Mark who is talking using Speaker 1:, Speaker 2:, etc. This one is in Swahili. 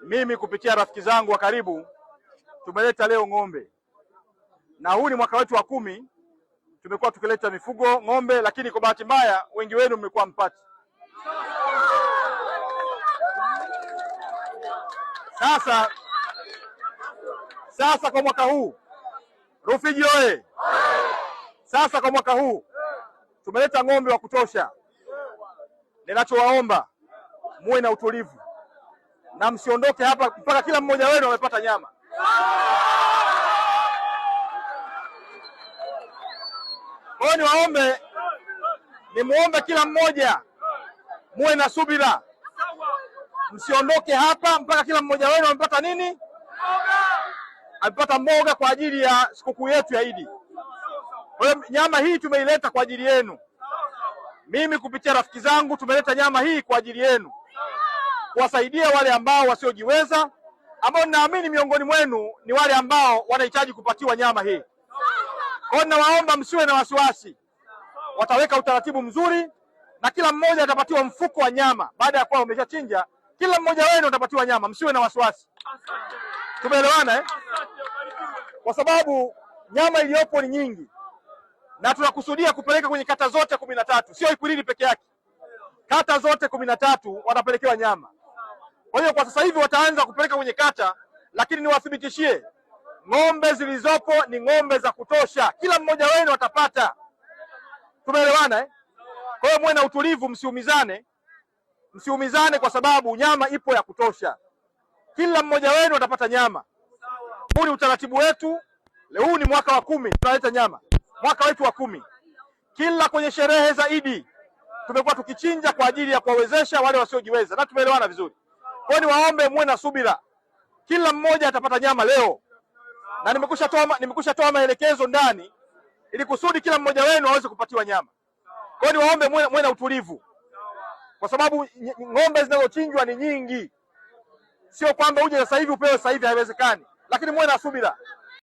Speaker 1: mimi kupitia rafiki zangu wa karibu tumeleta leo ng'ombe, na huu ni mwaka wetu wa kumi. Tumekuwa tukileta mifugo ng'ombe, lakini kwa bahati mbaya wengi wenu mmekuwa mpati. Sasa sasa kwa mwaka huu Rufiji oye! Sasa kwa mwaka huu tumeleta ng'ombe wa kutosha. Ninachowaomba muwe na utulivu na msiondoke hapa mpaka kila mmoja wenu amepata nyama. Kwayo ni waombe, kila mmoja muwe na subira, msiondoke hapa mpaka kila mmoja wenu amepata nini? Amepata mboga kwa ajili ya sikukuu yetu ya Idi. Kwa hiyo nyama hii tumeileta kwa ajili yenu. Mimi kupitia rafiki zangu tumeleta nyama hii kwa ajili yenu kuwasaidia wale ambao wasiojiweza, ambao ninaamini miongoni mwenu ni wale ambao wanahitaji kupatiwa nyama hii. Kwa hiyo ninawaomba msiwe na wasiwasi, wataweka utaratibu mzuri na kila mmoja atapatiwa mfuko wa nyama baada ya kuwa umeshachinja. Kila mmoja wenu atapatiwa nyama, msiwe na wasiwasi. Tumeelewana eh? Kwa sababu nyama iliyopo ni nyingi na tunakusudia kupeleka kwenye kata zote kumi na tatu, sio Ikwiriri peke yake, kata zote kumi na tatu watapelekewa nyama. Kwa hiyo kwa sasa hivi wataanza kupeleka kwenye kata, lakini niwathibitishie ng'ombe zilizopo ni ng'ombe za kutosha, kila mmoja wenu atapata. Tumeelewana eh? Kwa hiyo muwe na utulivu, msiumizane, msiumizane kwa sababu nyama ipo ya kutosha, kila mmoja wenu atapata nyama. Huu ni utaratibu wetu. Huu ni mwaka wa kumi tunaleta nyama, mwaka wetu wa kumi. Kila kwenye sherehe za Idi tumekuwa tukichinja kwa ajili ya kuwawezesha wale wasiojiweza, na tumeelewana vizuri. Kwa niwaombe muwe na subira, kila mmoja atapata nyama leo, na nimekusha toa nimekusha toa maelekezo ndani, ili kusudi kila mmoja wenu aweze kupatiwa nyama. Kwa niwaombe muwe na utulivu, kwa sababu ng'ombe zinazochinjwa ni nyingi, sio kwamba uje sasa hivi upewe sasa hivi, haiwezekani, lakini muwe na subira.